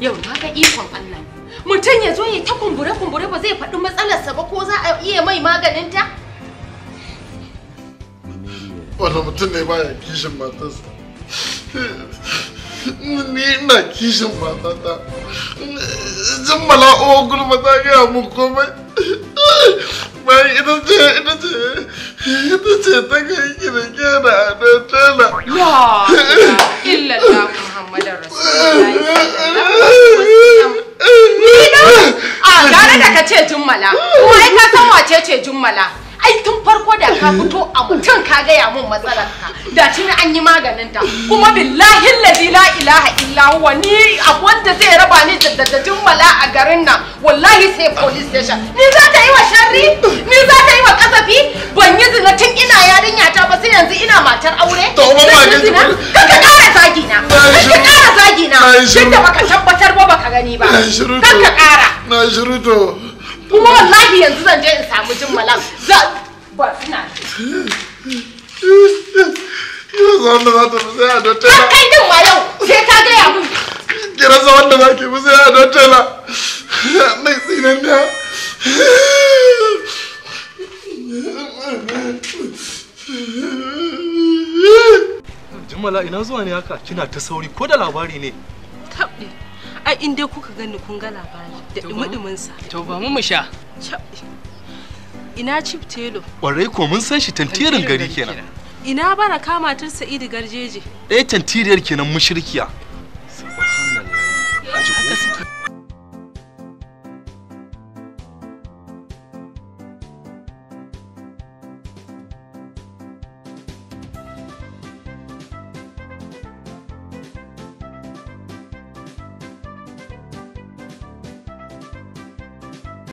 yau na ka ikon Allah mutum ya zo ya ta kumbure kumbure ba zai faɗi matsalarsa ba ko za a iya mai maganin ta wanda mutum ne b'a ya kishin matarsa ni ina kishin matata jin mala'o gulma ta gaya mun komai bayan ita ce ita ce ita ce ta kai gina gina a nan tela jummala kuma mm, mm, mm. ai ka san wace ce jummala ai tun farko da ka fito a mutum ka gaya mun matsalar ka da tuni an yi maganin ta kuma billahi allazi la ilaha illa huwa ni abun da zai raba ni da da jummala a garin nan wallahi sai police station ni za ta yi wa sharri ni za ta yi wa kasafi ban yi zina tun ina yarinya ta ba sai yanzu ina matar aure to ba ma zina ka ka kara zagi na ka kara zagi na shin da baka tabbatar ba baka gani ba ka kara na shiruto kuma wallahi yanzu zan je in samu jimmalan zan ba ina Kira za wanda za ta fi sai a don tela. Kai din ma yau sai ka gaya mun. Kira za wanda za ki fi sai a don tela. Mai tsinan da. Jimala ina zuwa ne haka kina ta sauri ko da labari ne. ai in dai kuka gani kun ga labari da dumudumin sa to ba mu mu sha ina chief telo kwarai ko mun san shi tantirin gari kenan ina bara kama matar sa'idu garjeje ɗaya eh, tantiriyar kenan mushrikiya